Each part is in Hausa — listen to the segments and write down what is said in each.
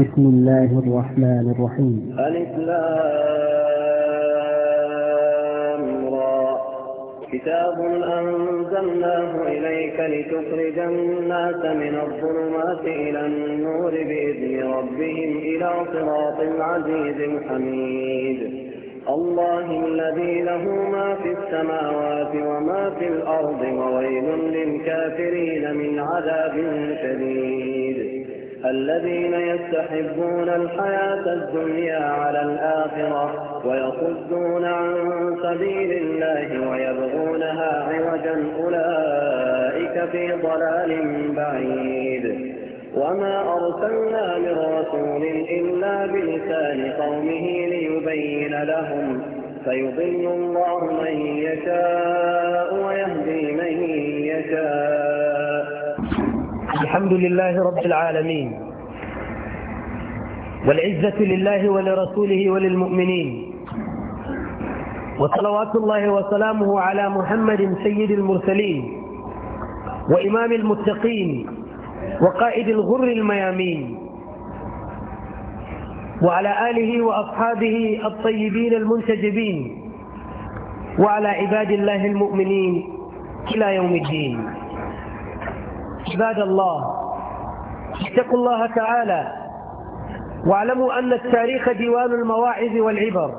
بسم الله الرحمن الرحيم ألف لامرى كتاب أنزلناه إليك لتخرج الناس من الظلمات إلى النور بإذن ربهم إلى صراط العزيز الحميد الله الذي له ما في السماوات وما في الأرض وويل للكافرين من عذاب شديد الذين يستحبون الحياة الدنيا على الآخرة ويصدون عن سبيل الله ويبغونها عوجا أولئك في ضلال بعيد وما أرسلنا من رسول إلا بلسان قومه ليبين لهم فيضل الله من يشاء ويهدي من يشاء الحمد لله رب العالمين والعزة لله ولرسوله وللمؤمنين وصلوات الله وسلامه على محمد سيد المرسلين وإمام المتقين وقائد الغر الميامين وعلى آله وأصحابه الطيبين المنتجبين وعلى عباد الله المؤمنين إلى يوم الدين عباد الله اتقوا الله تعالى واعلموا أن التاريخ ديوان المواعظ والعبر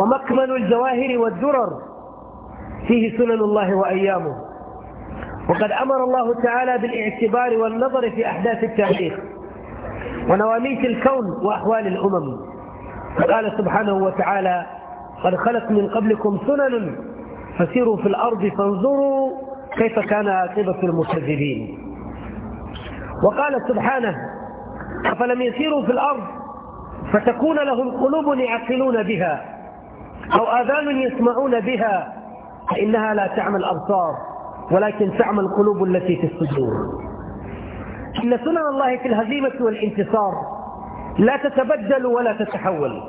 ومكمن الجواهر والدرر فيه سنن الله وأيامه وقد أمر الله تعالى بالاعتبار والنظر في أحداث التاريخ ونواميس الكون وأحوال الأمم فقال سبحانه وتعالى قد خلت من قبلكم سنن فسيروا في الأرض فانظروا كيف كان عاقبة المكذبين وقال سبحانه أفلم يسيروا في الأرض فتكون لهم قلوب يعقلون بها أو آذان يسمعون بها فإنها لا تعمى الأبصار ولكن تعمى القلوب التي في الصدور إن سنن الله في الهزيمة والانتصار لا تتبدل ولا تتحول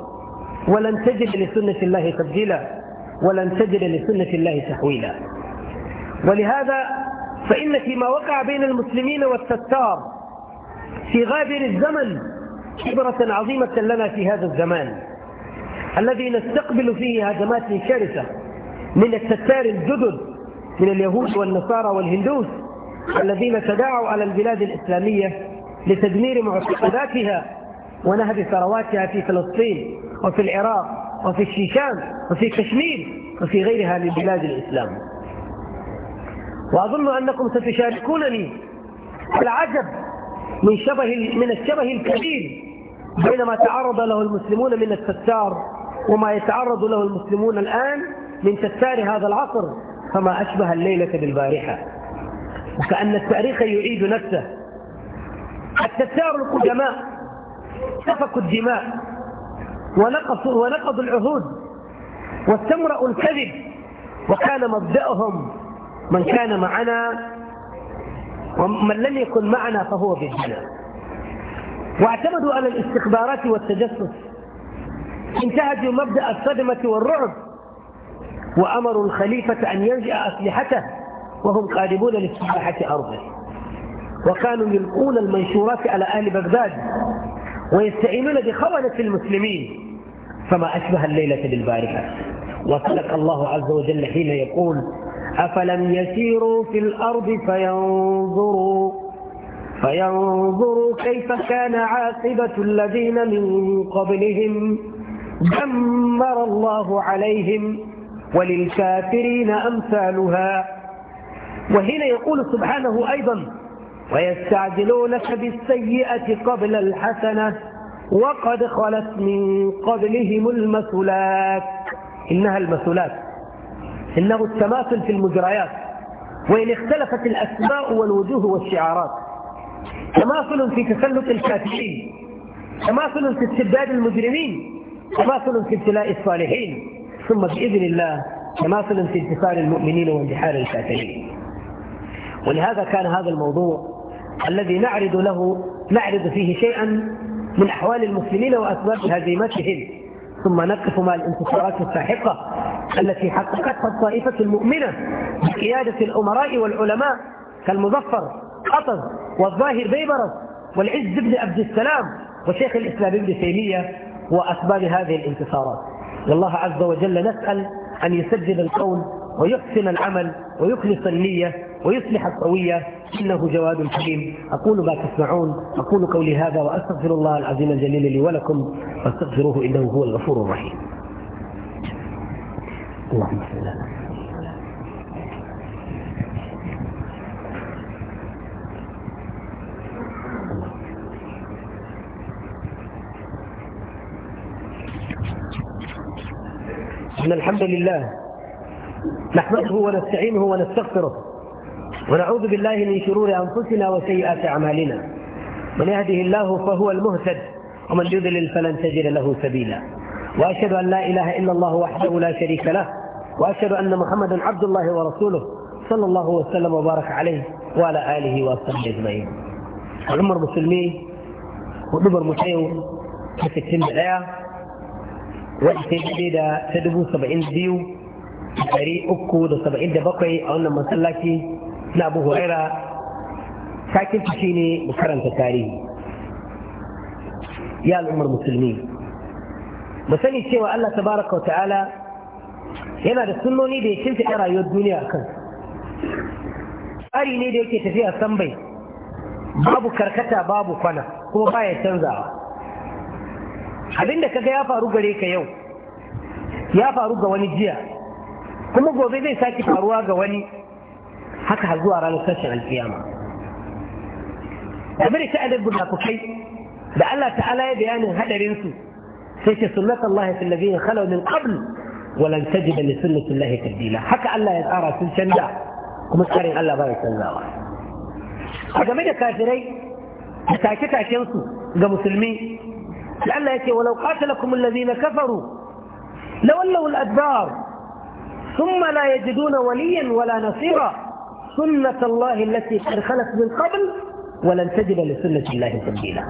ولن تجد لسنة الله تبديلا ولن تجد لسنة الله تحويلا ولهذا فإن فيما وقع بين المسلمين والتتار في غابر الزمن عبرة عظيمة لنا في هذا الزمان الذي نستقبل فيه هجمات شرسة من التتار الجدد من اليهود والنصارى والهندوس الذين تداعوا على البلاد الإسلامية لتدمير معتقداتها ونهب ثرواتها في فلسطين وفي العراق وفي الشيشان وفي كشمير وفي غيرها من بلاد الإسلام وأظن أنكم ستشاركونني العجب من, شبه من الشبه الكبير بين ما تعرض له المسلمون من التتار وما يتعرض له المسلمون الآن من تتار هذا العصر فما أشبه الليلة بالبارحة وكأن التاريخ يعيد نفسه التتار القدماء سفكوا الدماء ونقصوا ونقضوا العهود واستمرأوا الكذب وكان مبدأهم من كان معنا ومن لم يكن معنا فهو بالجنة واعتمدوا على الاستخبارات والتجسس انتهجوا مبدا الصدمه والرعب وامروا الخليفه ان ينجا اسلحته وهم قادمون لاستباحه ارضه وكانوا يلقون المنشورات على اهل بغداد ويستعينون بخونه المسلمين فما اشبه الليله بالبارحه وصدق الله عز وجل حين يقول أفلم يسيروا في الأرض فينظروا فينظروا كيف كان عاقبة الذين من قبلهم دمر الله عليهم وللكافرين أمثالها وهنا يقول سبحانه أيضا ويستعجلونك بالسيئة قبل الحسنة وقد خلت من قبلهم المثلات إنها المثلات إنه التماثل في المجريات وإن اختلفت الأسماء والوجوه والشعارات تماثل في تسلط الكافرين تماثل في استبداد المجرمين تماثل في ابتلاء الصالحين ثم بإذن الله تماثل في انتصار المؤمنين وانتحار الكافرين ولهذا كان هذا الموضوع الذي نعرض له نعرض فيه شيئا من أحوال المسلمين وأسباب هزيمتهم ثم نقف مع الانتصارات الساحقة التي حققتها الطائفة المؤمنة بقيادة الأمراء والعلماء كالمظفر قطز والظاهر بيبرس والعز بن عبد السلام وشيخ الإسلام ابن تيمية وأسباب هذه الانتصارات والله عز وجل نسأل أن يسجل القول ويحسن العمل ويخلص النية ويصلح القوية إنه جواد حكيم أقول ما تسمعون أقول قولي هذا وأستغفر الله العظيم الجليل لي ولكم فاستغفروه إنه هو الغفور الرحيم اللهم صل على إن الحمد لله نحمده ونستعينه ونستغفره ونعوذ بالله من شرور أنفسنا وسيئات أعمالنا من يهده الله فهو المهتد ومن يضلل فلن تجد له سبيلا وأشهد أن لا إله إلا الله وحده لا شريك له وأشهد أن محمدا عبد الله ورسوله صلى الله وسلم وبارك عليه وعلى آله وصحبه أجمعين العمر المسلمين ودبر مسيو في كل بلاء وقت جديده تدبو سبعين ديو تاري أكو دو سبعين دبقي أو أن مسلاكي نابو هريرة ساكن تشيني مكرم تتاريه يا العمر المسلمين mu sani cewa Allah tabaraka wa ta'ala yana da sunnoni da ya shimfiɗa rayuwar duniya a kan tsari ne da yake tafiya san bai babu karkata babu kwana kuma baya canzawa abinda kaga ya faru gare ka yau ya faru ga wani jiya kuma gobe zai sake faruwa ga wani haka har zuwa ranar sashen alkiyama game da ta'adar bunafukai da Allah ta'ala ya bayanin hadarinsu سيك سنة الله في الذين خلوا من قبل ولن تجد لسنة الله تبديلا حكى ألا يتعرى سنة شنجا كما تقرين ألا بارك سنة الله حكى مجا كافري متاكتا كنسو إذا مسلمين لأن يتي ولو قاتلكم الذين كفروا لولوا الأدبار ثم لا يجدون وليا ولا نصيرا سنة الله التي خلت من قبل ولن تجد لسنة الله تبديلا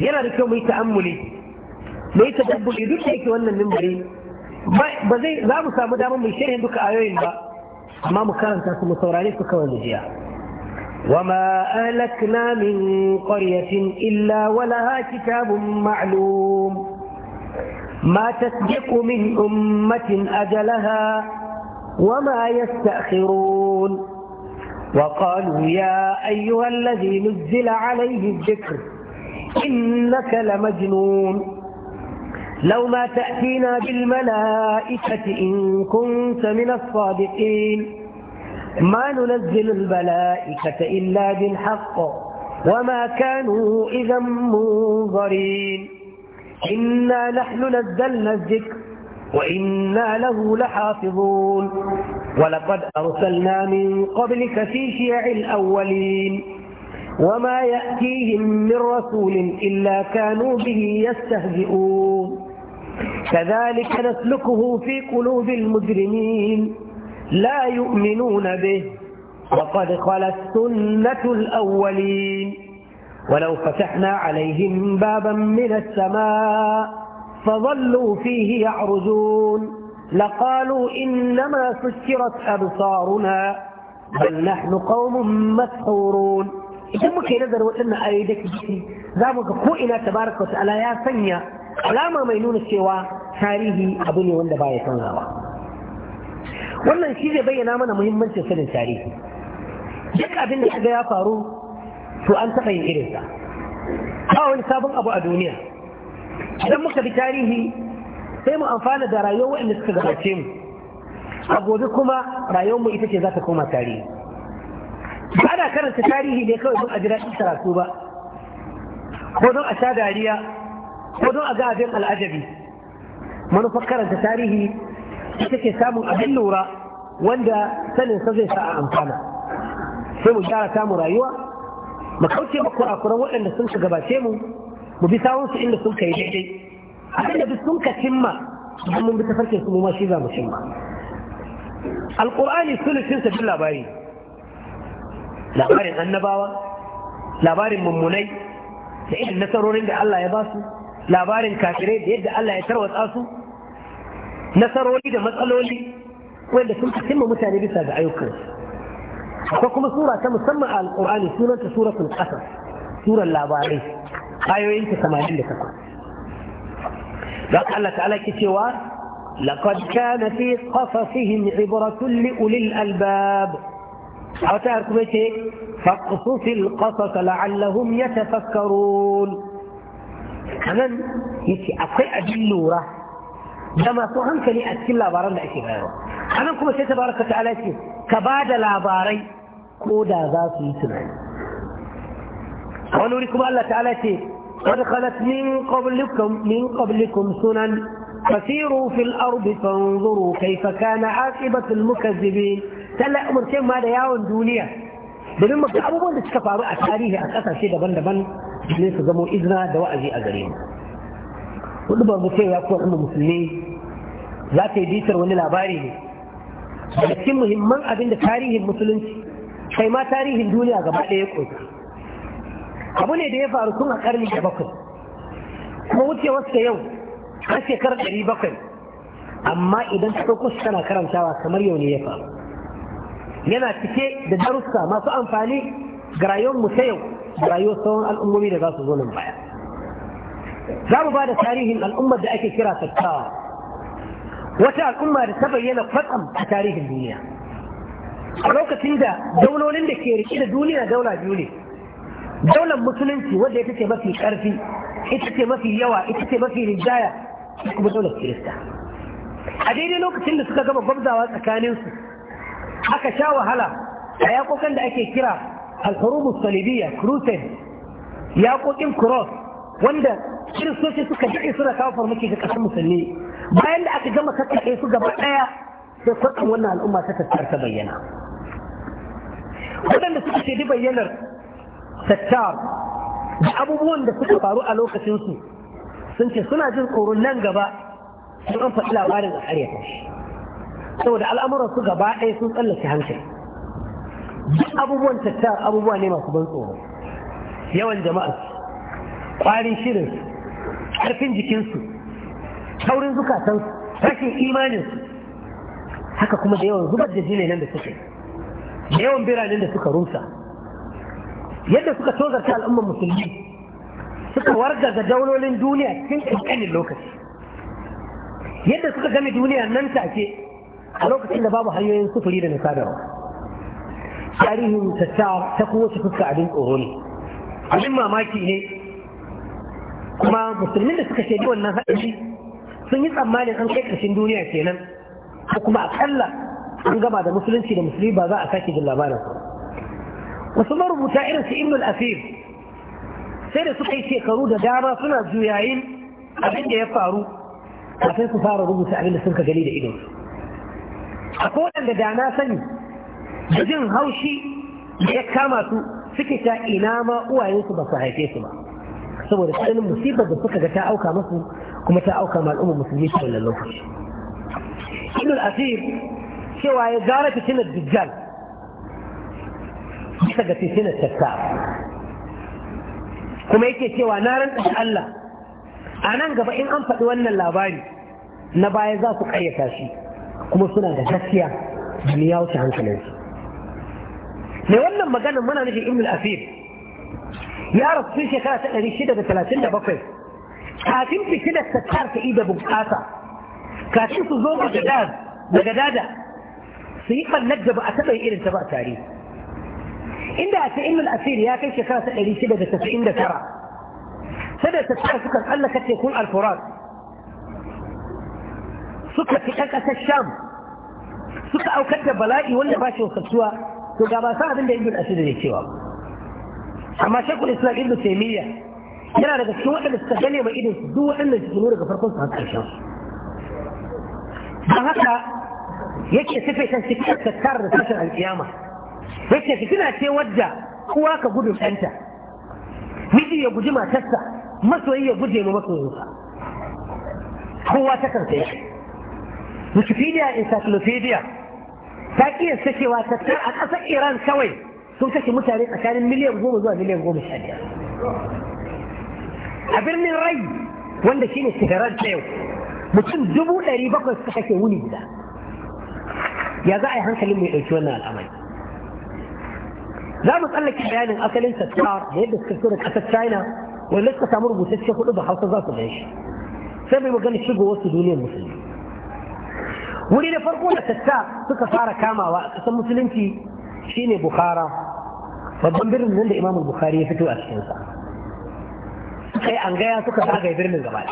يرى لكم يتأملي da ya tadabburi duk da yake wannan mimbari ba zai za mu samu damar mai shirin duka ayoyin ba amma mu karanta su mu saurare su kawai mu jiya وما أهلكنا من قرية إلا ولها كتاب معلوم ما تسبق من أمة أجلها وما يستأخرون وقالوا يا أيها الذي نزل عليه الذكر إنك لمجنون لو ما تأتينا بالملائكة إن كنت من الصادقين ما ننزل الملائكة إلا بالحق وما كانوا إذا منظرين إنا نحن نزلنا الذكر وإنا له لحافظون ولقد أرسلنا من قبلك في شيع الأولين وما يأتيهم من رسول إلا كانوا به يستهزئون كذلك نسلكه في قلوب المجرمين لا يؤمنون به وقد خلت سنة الأولين ولو فتحنا عليهم بابا من السماء فظلوا فيه يعرجون لقالوا إنما سكرت أبصارنا بل نحن قوم مسحورون إذا ممكن نظر وإن أيدك بشي ذا ke ciki za mu ga alama mai nuna cewa tarihi abu ne wanda baya sanawa wannan shi zai bayyana mana muhimmancin sanin tarihi duk abin da kaga ya faru to an taɓa yin irinsa ba wani sabon abu a duniya idan muka bi tarihi sai mu amfana da rayuwar waɗanda suka gabace mu a gobe kuma rayuwar mu ita ce za ta koma tarihi ba ana karanta tarihi ne kawai don a jira karatu ba ko don a sha dariya ko don a ga abin al'ajabi manufar karanta tarihi ita ke samun abin lura wanda sanin sa zai sa a amfana sai mu gyara samun rayuwa mu kauce ma kurakuran waɗanda sun ka gabace mu mu bi sawun su inda sun kai daidai abinda bi sun ka cimma don mun bi tafarkin su mu ma shi za mu cimma alƙur'ani sulusin sa duk labari labarin annabawa labarin mummunai da irin nasarorin da Allah ya ba su labarin kafirai da yadda Allah ya tarwatsa su nasarori da matsaloli wanda sun cimma mutane bisa ga ayyukan akwai kuma sura ta musamman a alƙur'ani sunanta suratul qasas suran labarai ayoyin ta 88 da Allah ta'ala ke cewa laqad kana fi qasasihim ibratun li ulil albab a wata kuma ce faqsusil qasas la'allahum yatafakkarun a yace akwai abin lura da masu hankali a cikin labaran da ake bayarwa a kuma sai tabaraka ta'ala ce ka ba da labarai ko da za su yi tunani a wani wuri kuma Allah ta'ala ce qad khalat min qablikum min qablikum sunan fasiru fil ardi في kayfa kana aqibatu al عاقبة المكذبين تلا أمر كم هذا ياون دنيا domin maka abubuwan da suka faru a tarihi a kasashe daban-daban ne su zamo izina da wa'azi a gare mu wani ba mu ya ko kuma musulmi za ta yi bitar wani labari ne daga cikin muhimman abin da tarihin musulunci kai ma tarihin duniya gaba ɗaya ƙoƙi abu ne da ya faru tun a ƙarni da bakwai kuma wuce wucewarsa yau a shekarar ɗari bakwai amma idan ta ɗauko shi tana karantawa kamar yau ne ya faru yana cike da darussa masu amfani ga rayuwar mu ta yau da rayuwar tsawon al'ummomi da za su zo nan baya za mu ba da tarihin al'ummar da ake kira tattawa wata al'umma da ta bayyana kwatsam a tarihin duniya a lokacin da daulolin da ke rike da duniya daula biyu ne daular musulunci wadda ita ce mafi ƙarfi. ita ce mafi yawa ita ce mafi rinjaya ita kuma daular kirista a daidai lokacin da suka gama gwamzawa tsakaninsu aka sha wahala a yakokan da ake kira الحروب الصليبية كروسين يا قوتين كروس wanda kiristoci suka daɗe suna kawo farmaki ga ƙasar musulmi bayan da aka gama kakkaɓe su gaba ɗaya sai kwatsam wannan al'umma ta tattar ta bayyana waɗanda suka shaidi bayyanar tattar da abubuwan da suka faru a lokacinsu sun ce suna jin tsoron nan gaba sun an faɗi labarin a ƙaryata shi saboda al'amuran su gaba ɗaya sun tsallake hankali duk abubuwan tattara abubuwa ne masu ban tsoro yawan jama'a kwarin shirin ƙarfin jikinsu taurin zukatansu rashin imaninsu haka kuma da yawan zubar da jini nan da suke da yawan biranen da suka rusa yadda suka tozarta al'ummar musulmi suka wargaza daulolin duniya cikin ƙanƙanin lokaci yadda suka game duniya nan take a lokacin da babu hanyoyin sufuri da na sadarwa tarihin ta ta kowace fuska abin tsoro ne abin mamaki ne kuma musulmin da suka shaidi wannan haɗari sun yi tsammanin an kai ƙarshen duniya kenan ko kuma akalla an gama da musulunci da musulmi ba za a sake jin labarin wasu marubuta irin su ibnul asir sai da suka yi shekaru da dama suna juyayin abin da ya faru kafin su fara rubuta abin da suka gani da idonsu a waɗanda da na sani da jin haushi ya kama su suke ta ina ma uwayensu ba su haife su ba saboda tsananin musibar da suka ga ta auka musu kuma ta auka ma al'ummar musulmi ta wannan lokaci ibn al-asir cewa ya gara fitinar dujjal bisa ga fitinar tatta kuma yake cewa na rantsa Allah a nan gaba in an faɗi wannan labari na baya za su ƙayyata shi kuma suna da gaskiya da ya wuce hankalinsu لأن لما قالنا منا نجي إبن الأثير يعرف في شيء كانت هذه الشدة الثلاثين دبقي كاتم في شدة ستار في إيدة بقاسة كاتم في زوجة جداد بجدادة سيقا نجب أتبع إلى انتباع تاريخ إن ده أتئم الأثير يا كي شكرا سألي شبه ده تسعين ده ترى سبع تسعين سكر قال لك يكون الفراد سكر في حلقة الشام سكر أو كتب بلاقي ولا باشي وخلصوها to ga ba san abin da ibn asir ne cewa amma shekul islam ibn taymiya yana daga cikin waɗanda suka gane ma idin duk waɗannan su daga farkon su har ƙarshen don haka yake sife kan cikin tattara da tashin alƙiyama yake fitina ce wadda kowa ka gudu ɗanta miji ya guji matarsa masoyi ya guje ma masoyinsa kowa ta kan sai Wikipedia encyclopedia تاكي سكي واتتا اقصى ايران سوي سو سكي متاريخ كان مليون غوم زوا مليون غوم الشادية ابر من الري وانا شين السهران سيو بتن زبو لريبك السحكي وني بدا يا ذاعي هنك لم يعيشونا الامان لا مطلع لك بيان اصل انت تار هيد السكتورة اتت شاينا ولسه تامر بوتيت شخو لبا حوصة ذاته ليش سبب مقال الشيء بوصي دولين مسلمين wuri na farko da tatta suka fara kamawa a kasan musulunci shine bukhara babban birnin nan da imamul bukhari ya fito a cikinsa suka yi angaya suka zagaye birnin gaba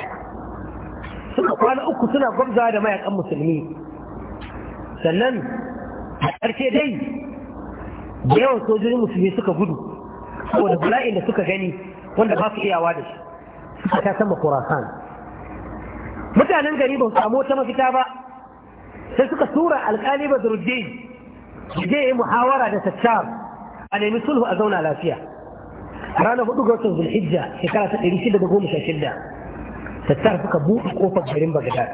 suka kwana uku suna gwamza da mayakan musulmi sannan a ƙarshe dai da yawan sojojin musulmi suka gudu saboda bala'in da suka gani wanda ba su iyawa da shi suka ta sama kurasan mutanen gari ba su samu wata mafita ba sai suka tura alƙali badruddin je yi muhawara da tattar a nemi sulhu a zauna lafiya ranar hudu ga watan zulhijja shekara ta ɗari shida da goma sha shida tattar suka buɗe ƙofar garin bagdad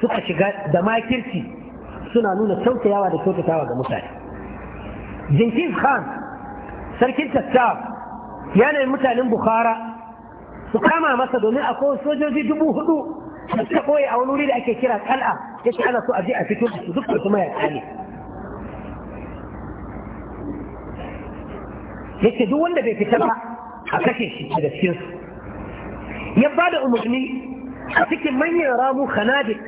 suka shiga da makirci suna nuna kyautayawa da kyautatawa ga mutane jinkin khan sarkin tattar ya nemi mutanen bukhara su kama masa domin akwai sojoji dubu hudu suka koyi a wani wuri da ake kira Al'a ya ce ana so a je a fito da su duk da kuma ya ya ce duk wanda bai fita ba a kashe shi a cikin su ya ba da umarni a cikin manyan ramu kanadik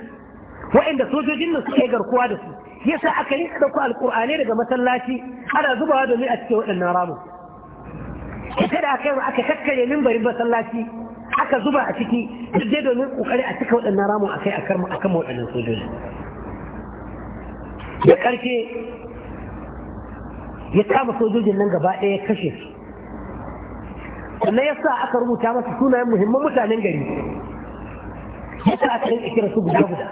waɗanda sojojin nan suke garkuwa da su ya sa aka yi ɗauko alƙur'ani daga masallaci ana zubawa domin a cikin waɗannan ramu ita da aka yi aka kakkare mimbarin masallaci aka zuba a ciki duk domin kokari a cika waɗannan a akai a kan akan waɗannan sojoji da ya kama sojojin nan gaba ɗaya ya kashe su sannan ya sa aka rubuta masa sunayen muhimman mutanen gari ya sa aka rinka kira su guda guda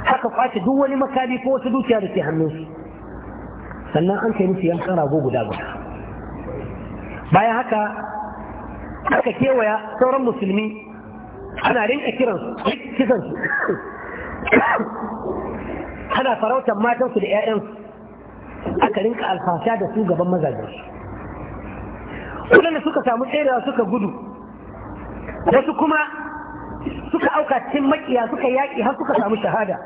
Haka kwace duk wani makami ko wasu dukiya da ke hannunsu sannan an kai musu yankan rago guda guda bayan haka aka kewaya sauran musulmi ana rinka kiransu ana farautar matansu da 'ya'yansu aka rinka alfasha da su gaban mazajensu waɗanda suka samu tserewa suka gudu wasu kuma suka auka cikin makiya suka yaƙi har suka samu shahada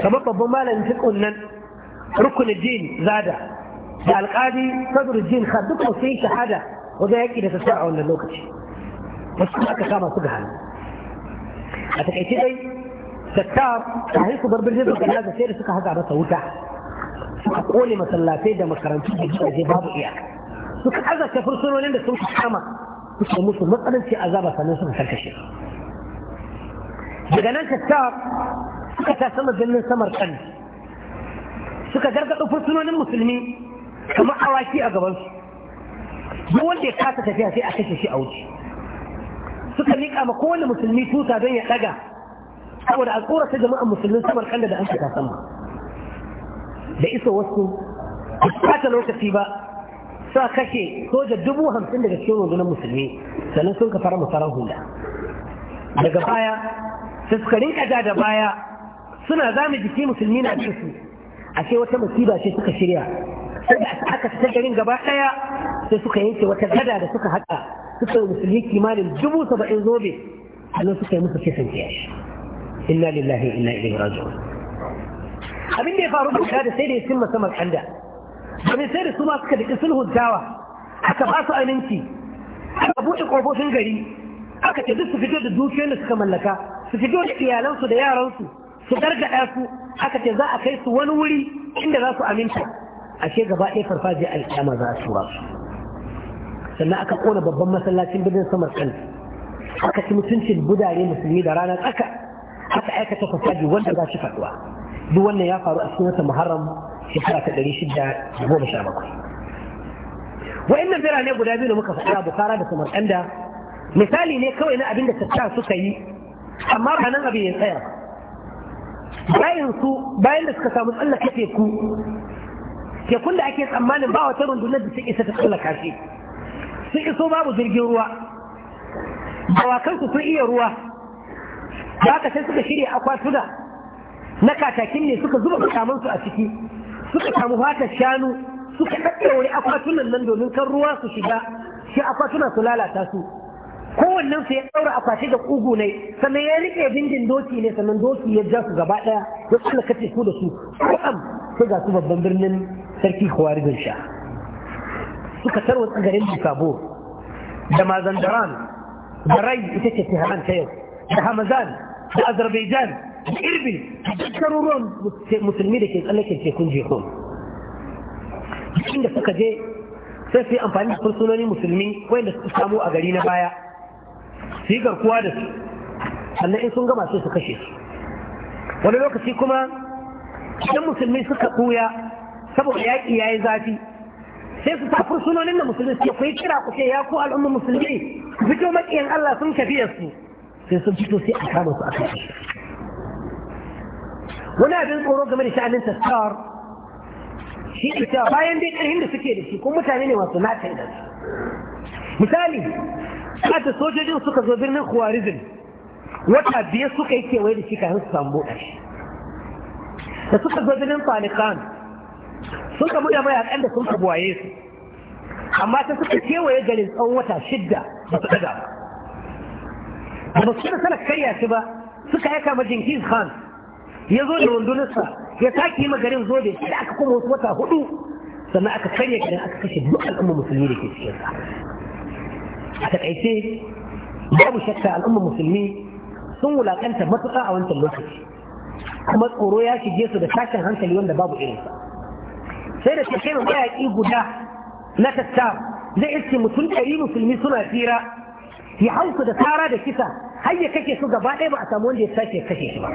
kamar babban malamin fiƙon nan rukunin jin zada da alƙadi sadur jin har duk sun shahada wajen yaƙi da ta a wannan lokaci wasu kuma aka kama su ga hannu a takaice dai sattar a hin su barbin jirgin da yaga sai da suka haga masa wuta suka kone masallatai da makarantu da gidaje babu iyaka suka azarta fursunonin da sun kama suka musu matsalanci azaba sannan suka karkashe daga nan sattar suka ta sama birnin samar kan suka gargaɗo fursunonin musulmi kamar awaki a gabansu duk wanda ya kasa tafiya sai a kashe shi a wuce suka miƙa ma kowane musulmi tuta don ya ɗaga saboda a tsorata jama'an musulmin samar kanda da an ta sama da iso wasu ba lokaci ba sa kashe soja dubu hamsin daga cikin rundunar musulmi sannan sun ka fara musarar hula daga baya sai suka rinka ja da baya suna zama jiki musulmi na su ashe wata musiba ce suka shirya sai da aka fita garin gaba ɗaya sai suka yanke wata gada da suka haɗa suka yi musulmi kimanin dubu saba'in zobe sannan suka yi musu kisan kiyaye. inna lillahi inna ilaihi raji'un abin da ya faru da da sai da ya cimma sama kanda domin sai da su ma suka daɗi sulhuntawa aka ba su aminci aka buɗe ƙofofin gari aka ce duk su fito da dukiyoyin da suka mallaka su fito da iyalansu da yaransu su gargaɗa su aka ce za a kai su wani wuri inda za su aminta ashe gaba ɗaya farfajiyar alƙiyama za a tura su sannan aka ƙona babban masallacin birnin samarkand aka ci mutuncin budare musulmi da ranar tsaka aka aikata fasaji wanda za shi faɗuwa duk wannan ya faru a cikin wata muharram shekara ta ɗari shida da goma sha bakwai wa'annan birane guda biyu da muka faɗa bukara da samarkanda misali ne kawai na abin da tattara suka yi amma ba nan abin ya tsaya bayan su bayan da suka samu tsallaka teku tekun da ake tsammanin ba wata rundunar da sun isa ta tsallaka shi sun iso babu jirgin ruwa su sun iya ruwa ba ka sai suka shirya akwatuna na katakin ne suka zuba kamansu a ciki suka samu fatar shanu suka wani akwatunan nan domin kan ruwa su shiga shi akwatuna su lalata su kowannen su ya ɗaura akwati da ƙugu ne sannan ya riƙe bindin doki ne sannan doki ya ja su gaba ɗaya ya tsallaka teku da su ko am sai ga su babban birnin sarki khawarijin sha suka tarwatsa garin sabo da Mazandaran da Rai ita ce ta ta yau da Hamazan da Azarbaijan, da Irbil da garuruwan musulmi da ke tsallaken tekun Jehon inda suka je sai su yi amfani da fursunoni musulmi wanda suka samu a gari na baya su yi garkuwa da su sannan in sun gama sai su kashe su wani lokaci kuma idan musulmi suka ɓuya saboda yaƙi ya yi zafi sai su tafi sunonin da musulmi suke kai kira ku ce ya ku al'ummar musulmi ku fito maƙiyan Allah sun kafiyar su sai sun fito sai a kama su a kan wani abin tsoro game da sha'anin tattawar shi ita bayan dai ƙarfin da suke da shi kuma mutane ne masu nata da su misali kada sojojin suka zo birnin Khwarizm wata biyar suka yi kewaye da shi kafin su samu buɗa shi da suka zo birnin Falikan sun kamu da mayakan da sun waye su amma ta suka kewaye garin tsawon wata shidda ba su daga ba ba su da karya shi ba suka yaka ma his khan ya zo da rundunarsa ya sake yi garin zobe da aka kuma wasu wata hudu sannan aka karya garin aka kashe duk al'umma musulmi da ke cikin a takaice babu shakka al'umma musulmi sun wulakanta matuƙa a wancan lokaci kuma tsoro ya shige su da tashin hankali wanda babu irinsa sai da tafiya mayaƙi guda na tatta zai iske mutum ɗari musulmi suna tsira ya hausu da tara da kisa har ya kashe su gaba ɗaya ba a samu wanda ya sake kashe shi ba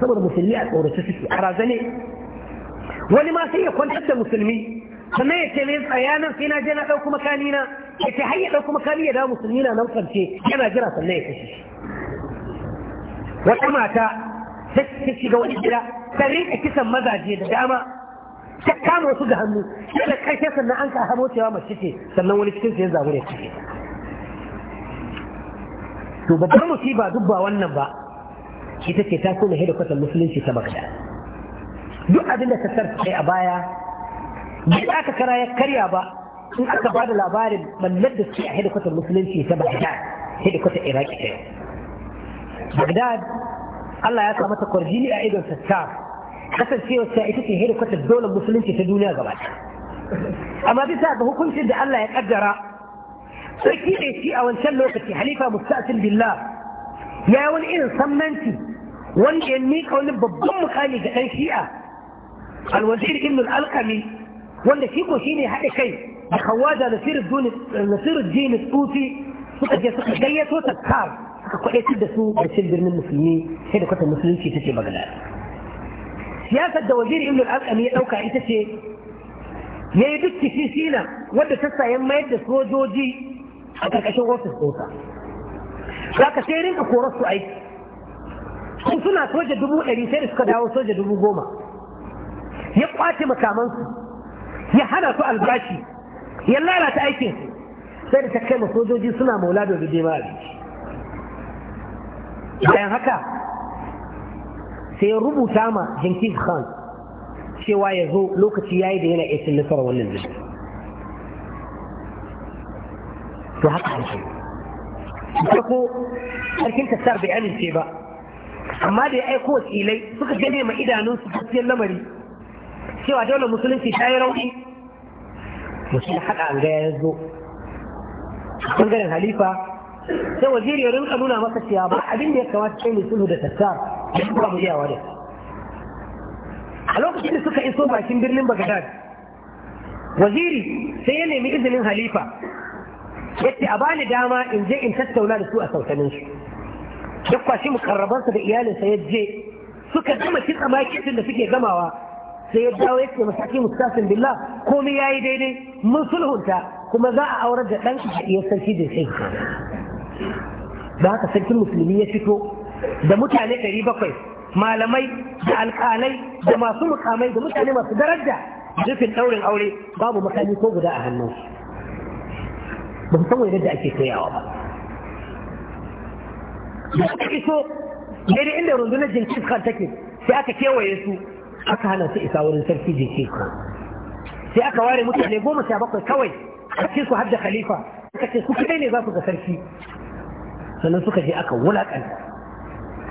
saboda musulmi a tsorace suke a razane wani ma sai ya kwantar da musulmi sannan ya ce min tsaya nan sai na je na ɗauko makami na ya ce har ya ɗauko makami ya dawo musulmi na nan kwance yana jira sannan ya kashe shi wata mata ta shiga wani gida ta rinka kisan mazaje da dama ta kama su ga hannu sai da karshe sannan an ka hamo cewa mace ce sannan wani cikin sai zamu ne kike to babbar musiba duk ba wannan ba ita ce ta kuma hidda kwatar musulunci ta magana duk abin da ta tarce a baya bai aka kara ya karya ba in aka ba da labarin ballar da suke a hidda kwatar musulunci ta bagdad hada kwatar iraki ta bagdad Allah ya sa mata kwarjini a idon sattar قتل فيه وسائتي هي قتل دول المسلمين في الدنيا قبل أما بس هذا هو كل شيء الله يقدر سكير شيء أو إن شاء الله قتل حليفة مستأثر بالله يا ون إن صمنتي ون إنك ون بضم خالد أي شيء الوزير إنه الألقمي ون فيكو شيء هاد شيء الخواجة نصير الدون نصير الدين الطوسي فقد يسقط جيت وتكار فقد يسد سوء من المسلمين هذا كتب المسلمين في تجي بغداد siyasar da waziri ibn al ya dauka ita ce ya yi duk kisisina wadda ta sayan mayar da sojoji a ƙarƙashin ofis ɗinsa za ka sai rinka korar su aiki sun suna soja dubu ɗari sai da suka dawo soja dubu goma ya ƙwace makamansu ya hana su albashi ya lalata aikinsu sai da ta kai ma sojoji suna maula da dai bayan haka sai ya rubuta ma jinkis Khan cewa ya zo lokaci yayi da yana iya cin nasarar wannan zai to haka harshe farko sarkin kasar bai amince ba amma da ya aiko wakilai suka gane ma idanun su gaskiyar lamari cewa dole musulunci ta yi rauni mutum haɗa an ga ya zo bangaren halifa sai waziri ya rinka nuna maka cewa ba abin da ya kamata kai ne sulhu da tattar a lokacin da suka iso bakin birnin bagadad waziri sai ya nemi izinin halifa yace a bani dama in je in tattauna da su a sautanin su duk kwashi mukarrabansa da iyalinsa ya je suka gama kitsa makitin da suke gamawa sai ya dawo ya ce masaki mustafin billah komai ya yi daidai mun sulhunta kuma za a aurar da ɗan iya sarki da sai da haka sarkin musulmi ya fito da mutane ɗari bakwai malamai da alƙalai da masu mukamai da mutane masu daraja nufin ɗaurin aure babu makami ko guda a hannun ba su san wani ake koyawa ba da aka iso daidai inda rundunar jinkis kan take sai aka kewaye su aka hana su isa wurin sarki jinkis sai aka ware mutane goma sha bakwai kawai ake su da khalifa suka ce su kadai ne za su ga sarki sannan suka je aka wulaƙanta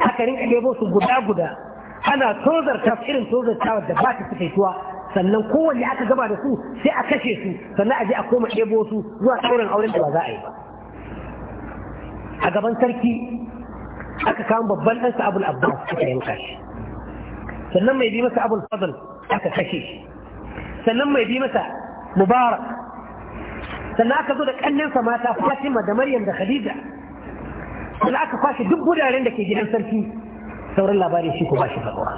aka rinka ɗebo su guda guda ana tozarta irin tozartawa da ba ta tuwa sannan kowanne aka gaba da su sai a kashe su sannan a je a koma ɗebo su zuwa ɗaurin auren da ba za a yi ba a gaban sarki aka kama babban ɗansa abul abbas aka yanka shi sannan mai bi masa abul fadl aka kashe shi sannan mai bi masa mubarak sannan aka zo da ƙannensa mata fatima da maryam da khadija sai aka kwashe duk guraren da ke gidan sarki sauran labarin shi ko ba shi faruwa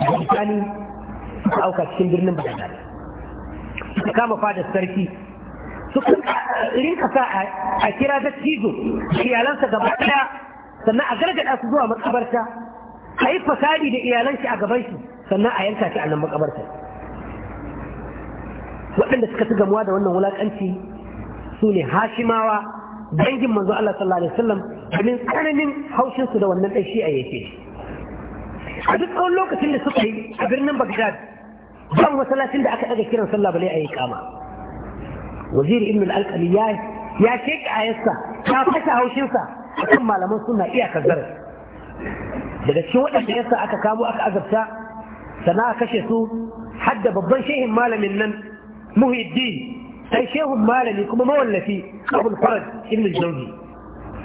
da suka auka cikin birnin bagdad suka kama fadar sarki suka eh, rinka sa a kira da cizo iyalansa gaba daya sannan a gargada su zuwa makabarta a yi fasadi da iyalan shi a gaban shi sannan a yanka shi a nan makabarta waɗanda suka fi gamuwa da wannan wulakanci su ne hashimawa dangin manzo Allah sallallahu alaihi wasallam domin tsananin haushin su da wannan dan shi'a yake a duk tsawon lokacin da suka yi a birnin Baghdad ban masallacin da aka daga kiran sallah bale yi kama waziri ibn al-alqali ya ya sheka ayarsa ya fasa haushin sa akan malaman sunna iya zarar daga cikin waɗanda yasa aka kamo aka azabta sana'a kashe su hadda babban shehin malamin nan muhiddin sai shehun malami kuma mawallafi abul farad ibn jawzi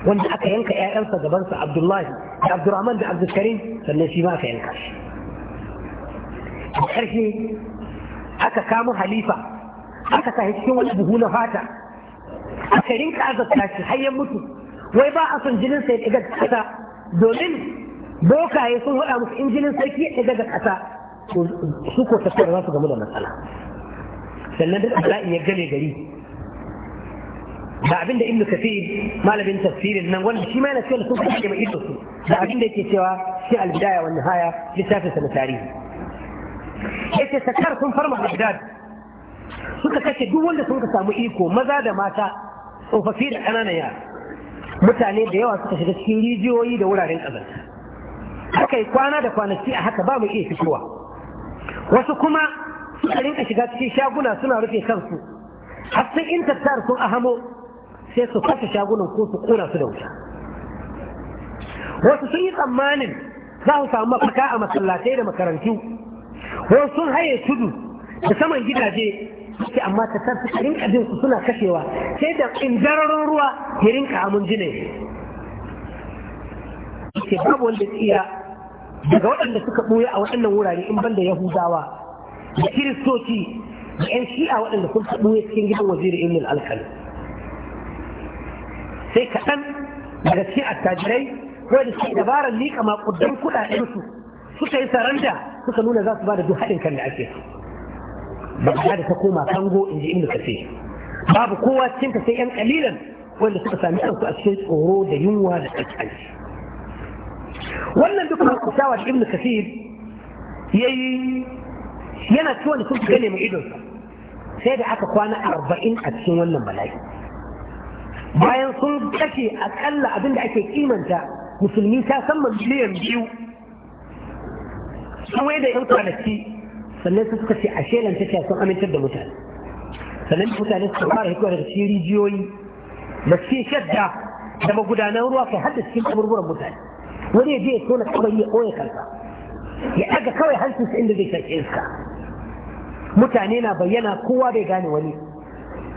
wanda aka yanka ƴaƴansa gabansa abdullahi da abdurrahman da abdulkarim sannan shi ma aka yanka shi a ƙarshe aka kamo halifa aka sa cikin wani buhu na fata aka rinka azabta shi har mutu wai ba a son jinin sai daga ƙasa domin bokaye sun haɗa musu in jinin sarki ya daga ƙasa su ko tattara za su gamu da matsala sannan da bala'i ya game gari da abin da ibnu kafir malamin tafsirin nan wanda shi ma yana cewa sun kashe mai ido su da abin da yake cewa shi albidaya wani haya littafin sa na tarihi yace sakar sun farma bagdad suka kashe duk wanda sun ka samu iko maza da mata tsofaffi da ƙananan yara mutane da yawa suka shiga cikin rijiyoyi da wuraren ƙazanta aka yi kwana da kwanaki a haka ba mu iya fitowa wasu kuma suka rinka shiga cikin shaguna suna rufe kansu har sai in tattar sun ahamo sai su kashe shagunan ko su kona su da wuta wasu sun yi tsammanin za su samu mafaka a masallatai da makarantu wasu sun haye tudu da saman gidaje suke amma tattar suka rinka su suna kashewa sai da indararin ruwa ya rinka amun jine ke babu wanda tsira daga waɗanda suka ɓoye a waɗannan wurare in banda yahudawa da kiristoci da 'yan shi'a waɗanda sun taɓo ya cikin gidan waziri ibn alkali sai kaɗan daga cikin attajirai wanda suke dabarar liƙa maƙudan kuɗaɗensu suka yi saranda suka nuna za su ba da duk haɗin kan da ake ba da ta koma kango in ji ibn kasir babu kowa cikin ta sai 'yan kalilan wanda suka sami kansu a cikin tsoro da yunwa da tsarkanci wannan duk na kusawa da ibn kasir ya yi yana ciwon da sun fi gane mu idonsa sai da aka kwana arba'in a cikin wannan bala'i bayan sun kashe akalla abin da ake kimanta musulmi ta san miliyan biyu sun wai da yan kwanaki sannan su suka ce a shelan tasha sun amintar da mutane sannan mutane su fara hikuwa daga cikin rijiyoyi da cikin shadda da magudanan ruwa kai hadda cikin kaburburan mutane wani ya je ya tona kamar ya ɓoye kansa ya ɗaga kawai hancinsa inda zai shaƙe iska mutane na bayyana kowa bai gane wani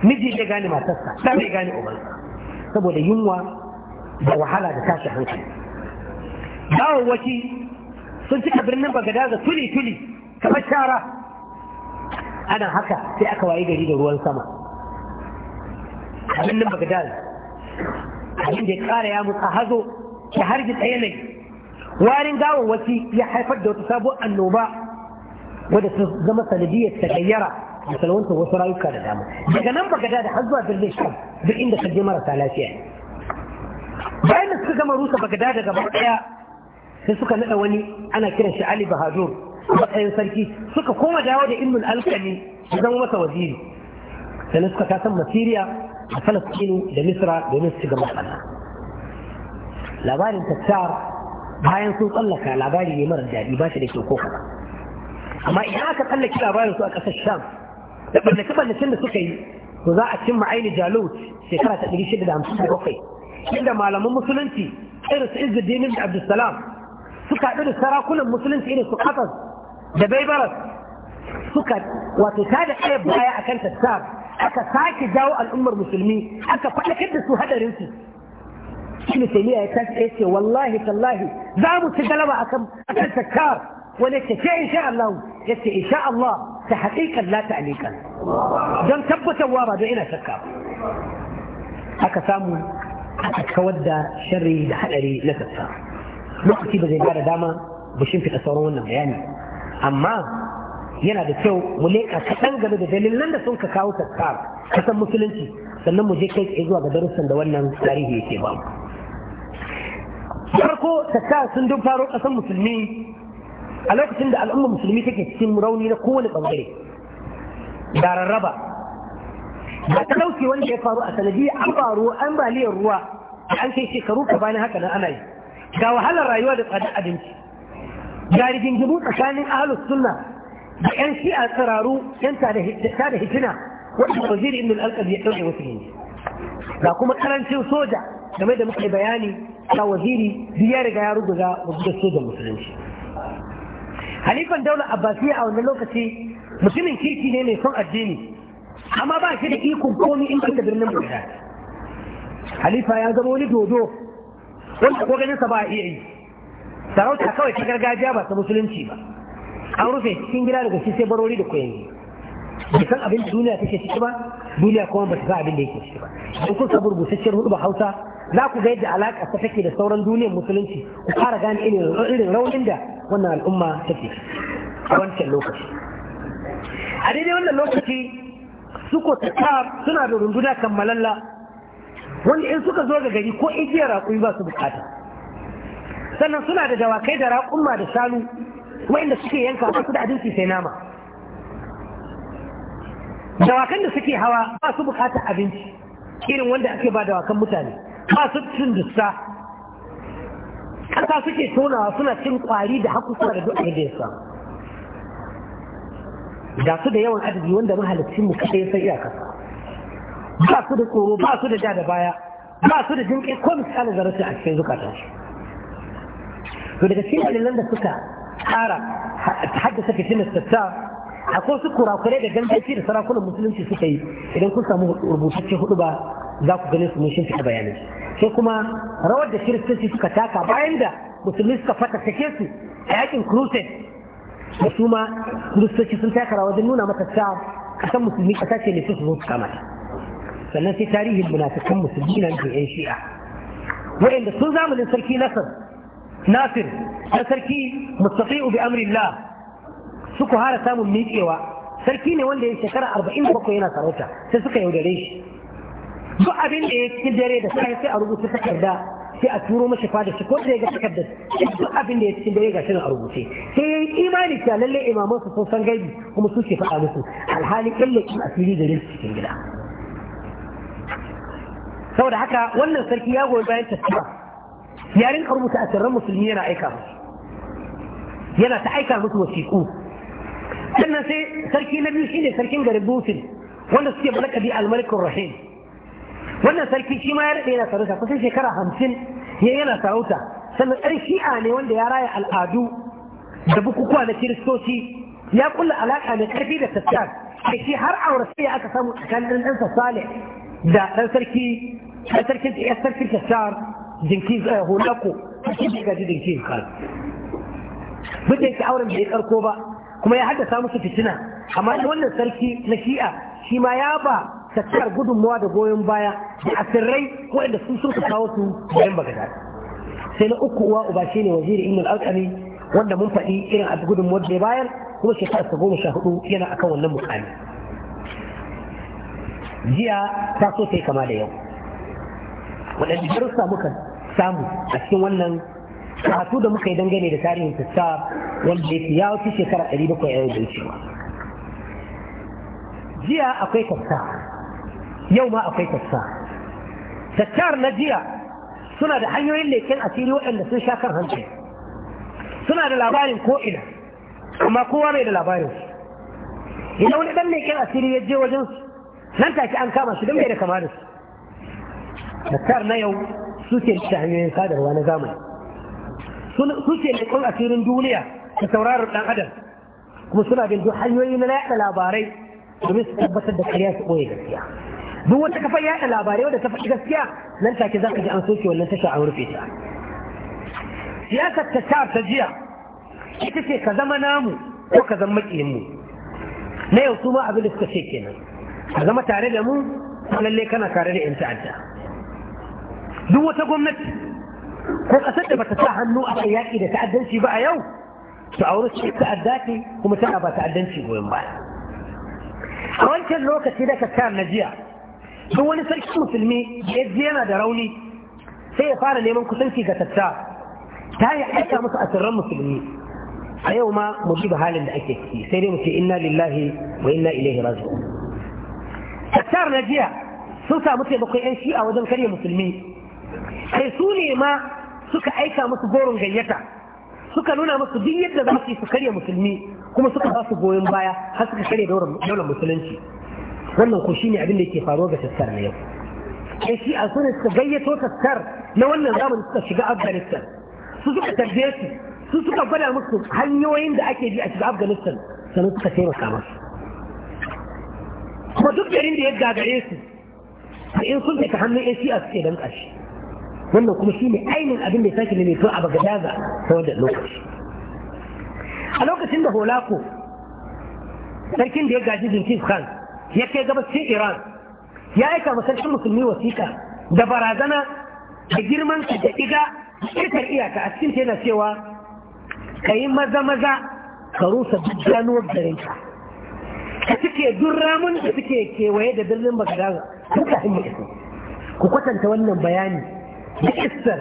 miji bai gane matarsa ta bai gane ubansa saboda yunwa da wahala da tashi hankali dawowaki sun cika birnin bagada da tuli-tuli kamar shara ana haka sai aka waye gari da ruwan sama birnin bagada abin da ya kara ya muka hazo ya harbi yanayi warin dawowaki ya haifar da wata sabuwar annoba wadda ta zama sanadiyar ta gayyara da salwantar wasu rayuka da dama daga nan bagada da har zuwa birnin sham duk inda ka je marasa lafiya bayan da suka gama rusa bagada daga gaba daya sai suka nada wani ana kiran shi ali bahadur matsayin sarki suka koma dawo da ilmin alkali su zama masa waziri sannan suka kasan masiriya a falastinu da misra domin su gama matsala labarin tattar bayan sun tsallaka labari ne mara daɗi ba shi da ke ko amma idan aka tsallaki labarin su a ƙasar sham da ɓallace-ɓallacen da suka yi to za a cimma aini jalut shekara ta ɗari shida da hamsin da bakwai inda malaman musulunci irin su izzuddin da abdulsalam suka haɗu da sarakunan musulunci irin su ƙasas da baybaras suka wato ta da ɗaya baya akan tattar aka sake jawo al'ummar musulmi aka faɗakar da su hadarin su shi ne ya tashi ya ce wallahi tallahi za mu ci galaba akan tattar wani ta ce insha Allah ya ce insha ta haƙiƙan la ta alikan don tabbatarwa ba don ina shakka aka samu aka kawar da sharri da haɗari na sassa lokaci ba zai bada dama ba shimfiɗa sauran wannan bayani amma yana da kyau mu leƙa kaɗan game da dalilan da sun ka kawo sassa kasan musulunci sannan mu je kai tsaye zuwa ga darussan da wannan tarihi yake ba mu farko tattara sun dun faro ƙasar musulmi a lokacin da al'ummar musulmi take cikin rauni na kowane bangare da rarraba ba talauci wanda ya faru a sanadiyar an faru ambaliyar ruwa da an kai shekaru ka bani haka nan ana yi ga wahalar rayuwa da tsadar abinci ga rigingimu tsakanin ahalus sunna da yan shi'a tsiraru yan ta da hitina wanda wazir ibn al-alqabi ya ɗauke wasu ne ga kuma karancin soja game da muka bayani ta waziri duk ya riga ya rubuta sojan musulunci halifan daular abbasiya a wannan lokaci mutumin kirki ne mai son addini amma ba shi da ikon komi in ba ta birnin bagdad halifa ya zama wani dodo wanda ko ganin sa ba iya yi sarauta kawai ta gargajiya ba ta musulunci ba an rufe cikin gida daga shi sai barori da koyangi bai san abin duniya take ciki ba duniya kuma ba ta san abin da yake ciki ba in kun sabu rubutaccen hudu ba hausa za ku ga yadda alaƙa ta take da sauran duniyar musulunci ku fara gane irin raunin da wannan al'umma take a wancan lokaci a daidai wannan lokaci suko ta suna da runduna kammalalla wanda in suka zo ga gari ko igiyar raƙumi ba su bukata sannan suna da dawakai da raƙumma da shanu wa'inda suke yanka ba su da abinci sai nama dawakan da suke hawa ba su bukata abinci irin wanda ake ba dawakan mutane ba su cin dusta ƙasa suke tonawa suna cin kwari da hakusa da duk da ya samu ga su da yawan adadi wanda mahalicci mu kaɗai sai iyaka ba su da tsoro ba su da ja da baya ba su da jinƙe ko misalin zarafi a cikin zukata to daga cikin dalilan da suka tsara, haddasa fitina tatta akwai su kurakurai da gangaci da sarakunan musulunci suka yi idan kun samu rubutacce hudu ba za ku ganin su mun shimfiɗa bayanin sai kuma rawar da kiristoci suka taka bayan da musulmi suka fata take su a yakin crusade da su ma kiristoci sun taka rawa don nuna mata ta kasan musulmi kasa ce ne su su sannan sai tarihin munafikan musulmi na nufin yan shi'a wa'anda sun zamanin sarki Nasir, nasir na sarki mustafi'u bi amrillah suka hara samun miƙewa sarki ne wanda ya shekara arba'in da bakwai yana sarauta sai suka yaudare shi duk abin da ya cikin dare da sai sai a rubuta takarda sai a turo mashi fada shi ko da ya ga takarda duk abin da ya cikin dare ga shi a rubuce sai ya yi imani cewa lalle imaman su sun san gaibi kuma su ke faɗa musu alhali illakin asiri da rinsu cikin gida saboda haka wannan sarki ya goyi bayan tasira ya rinka rubuta asirran musulmi yana aika musu yana ta aika musu wasiƙu sannan sai sarki na biyu shine sarkin garin Butin wanda suke malakabi al-Malikul Rahim wannan sarki shi ma ya daɗe yana sarauta kusan shekara hamsin ya yana sarauta sannan ɗan shi'a ne wanda ya raya al'adu da bukukuwa na kiristoci ya kulla alaƙa mai ƙarfi da tattar da shi har aure sai aka samu tsakanin ɗansa sale da ɗan sarki ɗan sarkin eh, ya sarki tattar jinki hulako shi ne gaji jinki kan duk auren bai karko ba kuma ya haddasa musu fitina amma wannan sarki na shi'a shi ma ya ba tattar gudunmuwa da goyon baya da asirrai waɗanda sun sun kawo su bayan bagada sai na uku uwa uba ne waziri ibn al wanda mun faɗi irin a gudunmawar da bayar kuma shekara ta goma sha hudu yana akan wannan mukami jiya ta so sai kama da yau waɗanda jarusa muka samu a cikin wannan karatu da muka yi dangane da tarihin tassa wanda ya wuce shekara ɗari bakwai a yau da wucewa jiya akwai tassa yau ma akwai tassa tattar na jiya suna da hanyoyin leken asiri waɗanda sun sha kan hanci suna da labarin ko'ina amma kowa mai da labarin idan wani ɗan leken asiri ya je wajen su nan take an kama shi don bai da kama da su tattar na yau suke da hanyoyin sadarwa na zamani suke leƙon asirin duniya da sauraron ɗan adam kuma suna bin duk hanyoyi na yaɗa labarai domin su tabbatar da ƙarya su ɓoye gaskiya duk wata kafa yaɗa labarai wadda ta faɗi gaskiya nan take za ka ji an soke wannan tasha an rufe ta siyasar ta ta ta jiya ita ce ka zama namu ko ka zama mu. na yau su ma abin da suka ce kenan ka zama tare da mu lalle kana tare da 'yan ta'adda duk wata gwamnati ko ƙasar da bata sa hannu a kan yaƙi da ta'addanci ba a yau to auri wurin ce ta'adda ce kuma tana ba ta'addanci goyon baya a wancan lokaci da ka na jiya duk wani sarki musulmi da ya yana da rauni sai ya fara neman kusanci ga tatta ta yi aika musu asirran musulmi a yau ma mu ji halin da ake ciki sai dai mu ce inna lillahi wa inna ilaihi raji'un tattar na jiya sun samu taimakon yan shi'a wajen karya musulmi sai su ne ma suka aika musu goron gayyata suka nuna musu duk yadda za su yi su karya musulmi kuma suka ba su goyon baya har suka karya daular musulunci wannan ko shine abin da yake faruwa ga taskar na yau ai shi a sunan suka gayyato tattar na wannan zamanin suka shiga afghanistan su suka tarbe su su suka gwada musu hanyoyin da ake bi a shiga afghanistan sannan suka taimaka masu kuma duk garin da ya gagare su a in sun fita hannun yan a suke don ƙarshe wannan kuma shi ne ainihin abin da ya sake nemi a bagadaza ta wanda lokaci a lokacin da holako sarkin da ya gaji jinkis khan ya kai cikin iran ya aika masarkin musulmi wasiƙa da barazana da girman ka da iga cikin iyaka a cikin tana cewa ka yi maza maza ka rusa duk ganuwar garinka ka cike duk ramun da suke kewaye da birnin bagadaza sun kafin mu isa ku kwatanta wannan bayani da kissar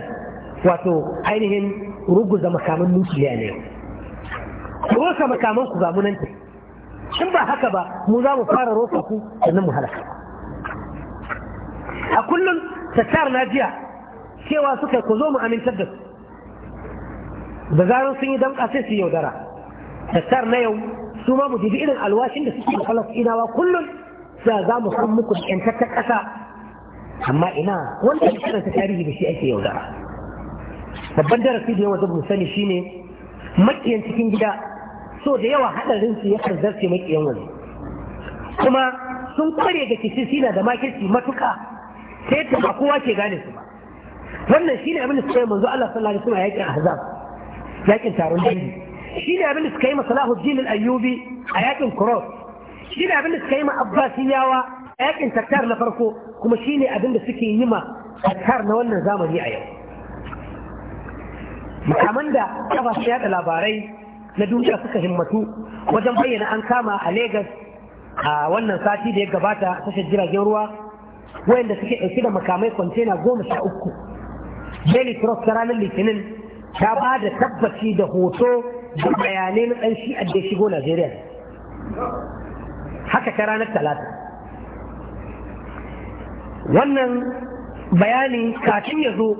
wato ainihin ruguza makaman nukiliya ne rusa makaman ku ga munanta in ba haka ba mu za mu fara rosa ku sannan mu halaka a kullum tattar na jiya cewa suka ku zo mu amintar da su da zarar sun yi damƙa sai su yaudara tattar na yau su ma mu jibi irin alwashin da suke falastinawa kullum za za mu san muku yantattar ƙasa amma ina wanda ya karanta tarihi da shi ake yaudara babban darasi da yawa da mu sani shine makiyan cikin gida so da yawa haɗarin su ya harzarce maƙiyan wani kuma sun kware ga kisisina da makirci matuka sai ta ba kowa ke gane su ba wannan shine abin da suka yi manzo Allah sallallahu alaihi wasallam yakin ahzab yakin taron dangi shine abin da suka yi masalahuddin al-ayyubi a yakin cross shine abin da suka yi ma abbasiyawa a yakin tattar na farko kuma shine abin da suke yi ma tattar na wannan zamani a yau makaman da kafa yada labarai na duniya suka himmatu wajen bayyana an kama a Legas a wannan sati da ya gabata a tashar jiragen ruwa wayanda suke ɗauki da makamai kwantena goma sha uku daily trust ta ranar litinin ta ba da tabbaci da hoto da bayanai na ɗan shi da shigo najeriya haka ta ranar talata wannan bayani kafin ya zo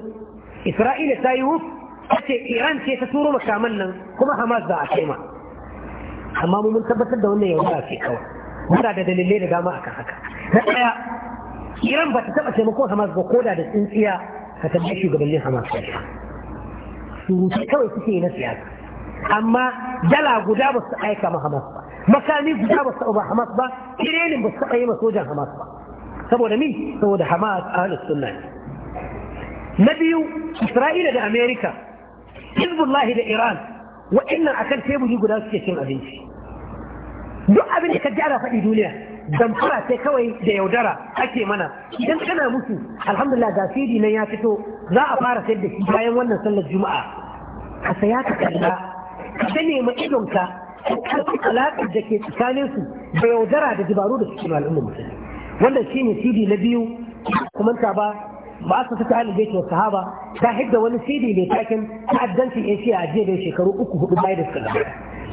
isra'ila ta yi wuf أتى إيران كيف تورو مكاملنا كم حماس ذا أشيما حمام ومنتبت الدولة يوم ذا فيك مرادة دليل جامعة كهكا نتايا إيران بتتبع سمكو حماس بقولة الإنسية فتبعش قبل لي حماس فيها سوشي كوا يسيسي نسيات أما جلا قدابة أيكا ما حماس با مكاني قدابة أبا حماس با إيران بستقي مسوجا حماس با سبونا مين؟ سبونا حماس أهل السنة نبيو إسرائيل دا أمريكا hizbullahi da iran wa'annan kan teburi guda suke cin abinci duk abin da ka ji ana faɗi duniya damfara sai kawai da yaudara ake mana idan kana musu alhamdulillah ga sidi nan ya fito za a fara sayar da shi bayan wannan sallar juma'a ka saya ka kalla ka idon ma ka karfi alaƙa da ke tsakanin su da yaudara da dabaru da suke al'ummar musulmi wannan shine sidi na biyu kuma ta ba مؤسسة أهل البيت والصحابة تاهد ولا سيدي لكن shekaru uku أجيب شكروا أكو suka بايد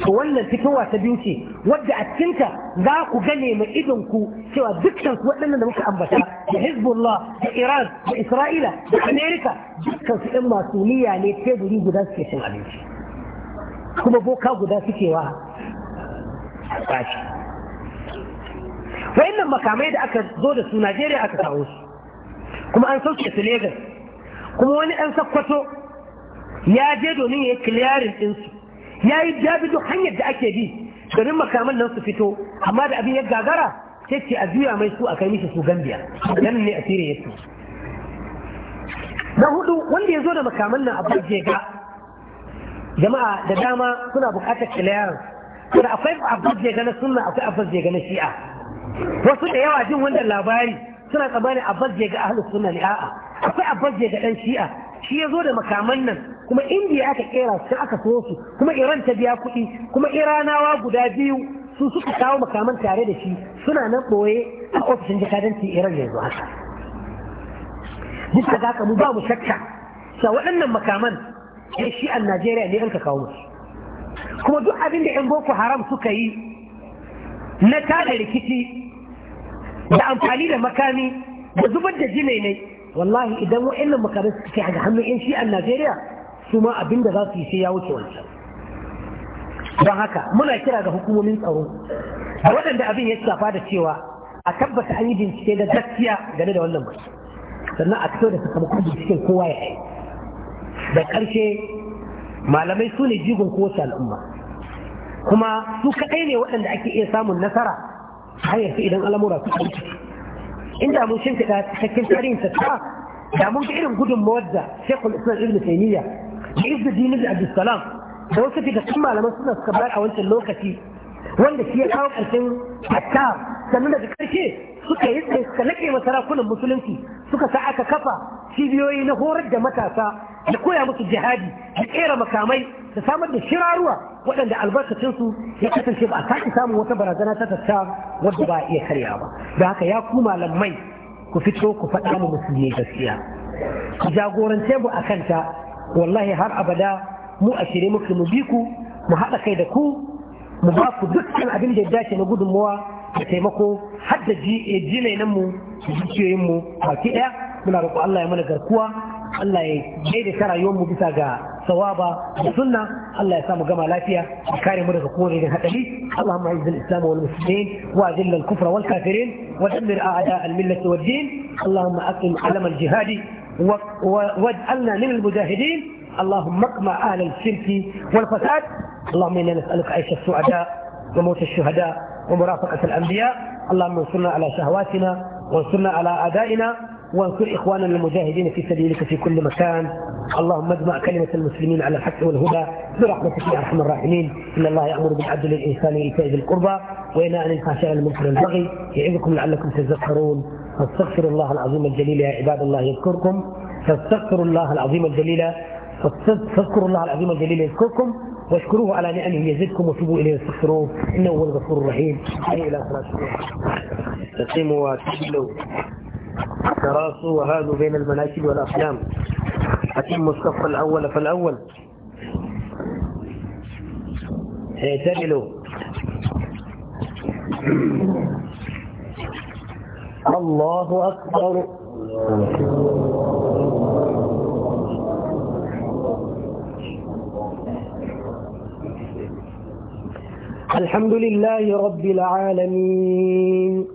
to wannan fitowa ta biyu ce wadda a cikinta za ku gane mai idon ku cewa dukkan su waɗannan da muka ambata da Hezbollah da Iran da Isra'ila da Amerika dukkan su ɗin masu niyya ne teburi guda suke cin abinci kuma boka guda suke wa bashi wayannan makamai da aka zo da su Najeriya aka kawo su kuma an sauke su Legas kuma wani ɗan sakkwato ya je domin ya yi kiliyarin ɗinsu ya yi jabido hanyar da ake bi garin makaman nan su fito amma da abin ya gagara sai ce a juya mai su a kai mishi su gambiya nan ne a sire yasu na hudu wanda ya zo da makaman nan abu je ga jama'a da dama suna bukatar kiliyarin da akwai abu je ga na sunna akwai abu je ga na shi'a wasu da yawa jin wannan labari suna tsammanin abbas bazge ga ahlus sunna ne a'a akwai abbas ya ga dan shi'a shi ya zo da makaman nan kuma indiya aka kera su aka so su kuma iran ta biya kuɗi kuma iranawa guda biyu su suka kawo makaman tare da shi suna nan ɓoye a ofishin jakadanci iran yanzu haka da ga mu ba mu shakka sa waɗannan makaman yan shi'an najeriya ne an ka kawo musu kuma duk abin da yan boko haram suka yi na tada rikici da amfani da makami da zubar da jinai ne wallahi idan wa'annan makamai su kai ga hannun yan shi'an najeriya su ma abin da za su yi sai ya wuce wancan don haka muna kira ga hukumomin tsaro a waɗanda abin ya shafa da cewa a tabbata an yi bincike da gaskiya game da wannan batu sannan a fito da sakamakon binciken kowa ya yi da ƙarshe malamai su ne jigon kowace al'umma kuma su kaɗai ne waɗanda ake iya samun nasara har yafi idan al'amura su In inda mun shimfiɗa cikakken tarihin ta da mun fi irin gudun da shekul islam ibn taimiyya da ibn dinin da abdulsalam da wasu fitattun malaman suna suka bayar a wancan lokaci wanda shi ya kawo ƙarshen hatta sannan daga ƙarshe suka yi tsaye suka laƙe wa sarakunan musulunci suka sa aka kafa cibiyoyi na horar da matasa da koya musu jihadi da ƙera makamai da samar da shiraruwa waɗanda albarkacinsu ya kasance ba a sake samun wata barazana ta tatta wadda ba a iya karya ba da haka ya kuma lammai ku fito ku faɗa mu musulmi gaskiya ku jagorance mu a kanta wallahi har abada mu a shirye muke mu bi ku mu haɗa kai da ku mu ba ku dukkan abin da ya dace na gudunmawa da taimako har da jinainan mu da jijiyoyin baki ɗaya muna roƙo Allah ya mana garkuwa Allah ya daidaita rayuwarmu bisa ga sawaba da sunna Allah ya samu gama lafiya ya kare mu daga kowane da hadari Allahumma izz al-islam wal muslimin wa azil al-kufra wal kafirin wa dammir a'da al-millah wad din Allahumma aqim alam al-jihad واجعلنا من المجاهدين اللهم اقمع اهل الشرك والفساد اللهم انا نسالك عيش السعداء وموت الشهداء ومرافقه الانبياء اللهم انصرنا على شهواتنا وانصرنا على اعدائنا وانصر إخواننا المجاهدين في سبيلك في كل مكان اللهم اجمع كلمة المسلمين على الحق والهدى برحمتك يا أرحم الراحمين إن الله يأمر بالعدل الانساني وإيتاء ذي القربى وينهى عن الفحشاء والمنكر والبغي يعظكم لعلكم تذكرون فاستغفروا الله العظيم الجليل يا عباد الله يذكركم فاستغفروا الله العظيم الجليل فاستغفروا الله العظيم الجليل يذكركم واشكروه على نعمه يزدكم وتوبوا اليه واستغفروه انه هو الغفور الرحيم الى صلاه استقيموا وتحلوا تراصوا وهادوا بين المناكب والأقلام أتموا الصف الأول فالأول اعتدلوا الله أكبر الحمد لله رب العالمين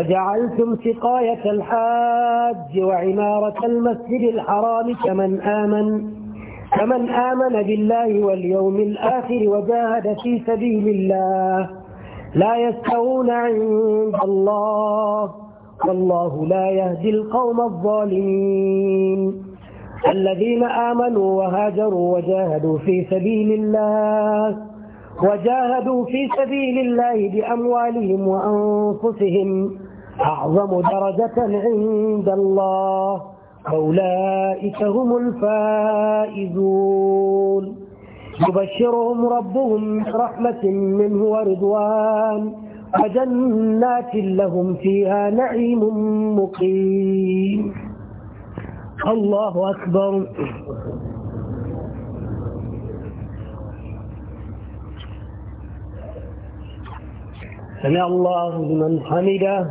أجعلتم سقاية الحاج وعمارة المسجد الحرام كمن آمن كمن آمن بالله واليوم الآخر وجاهد في سبيل الله لا يستوون عند الله والله لا يهدي القوم الظالمين الذين آمنوا وهاجروا وجاهدوا في سبيل الله وجاهدوا في سبيل الله بأموالهم وأنفسهم أعظم درجة عند الله أولئك هم الفائزون يبشرهم ربهم رحمة منه ورضوان وجنات لهم فيها نعيم مقيم الله أكبر سمع الله لمن حمده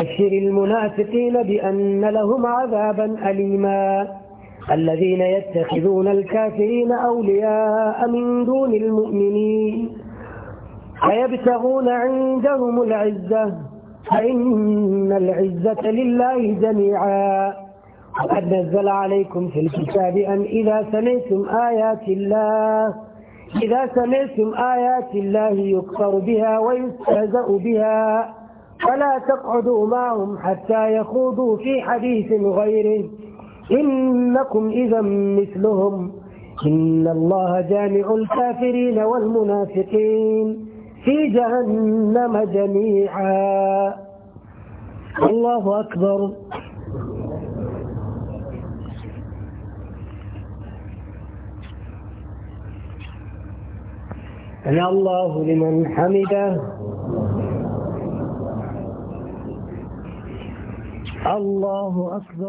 بشر المنافقين بأن لهم عذابا أليما الذين يتخذون الكافرين أولياء من دون المؤمنين فيبتغون عندهم العزة فإن العزة لله جميعا وقد نزل عليكم في الكتاب أن إذا سمعتم آيات الله إذا سمعتم آيات الله يكفر بها ويستهزأ بها فلا تقعدوا معهم حتى يخوضوا في حديث غيره إنكم إذا مثلهم إن الله جامع الكافرين والمنافقين في جهنم جميعا الله أكبر أنا الله لمن حمده الله أكبر